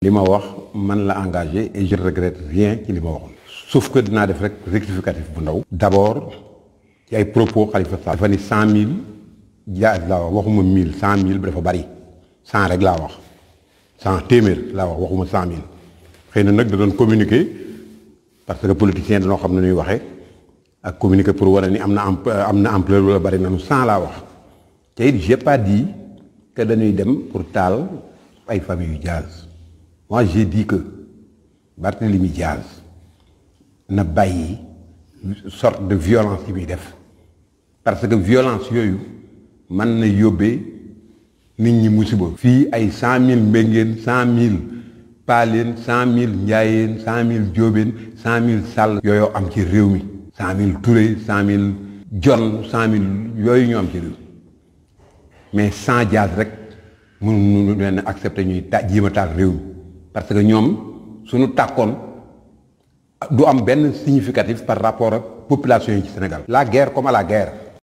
Ce que je l'ai engagé et je ne regrette rien de ce que je Sauf que je vais faire rectificatif. D'abord, il y a des propos de Khalifa ça. Il faut 100 000, il y a 100 000, 100 000, il faut faire 100 règles. 100 témoins, il faut faire 100 000. Il faut que communiquer parce que les politiciens ne savent pas ce qu'ils communiquer pour voir qu'il y a une ampleur de la nous sans la Je n'ai pas dit que nous allons pour tal les familles de gaz. Moi, j'ai dit que Barthélemy Diaz n'a pas eu une sorte de violence Parce que la violence, yoyu, man ne yobé ni ni musibo. Fi 100 000 bengen, 100 000 palen, 100 000 niaïens, 100 000 djoben, 100 000 sal, yoyo am ci 100 000 tourés, 100 000 djol, 100 000 Mais sans Diaz nous mënu accepter de nous tal parce que nous, suñu tàkkoon du am significatif par rapport la population du Sénégal la guerre comme à la guerre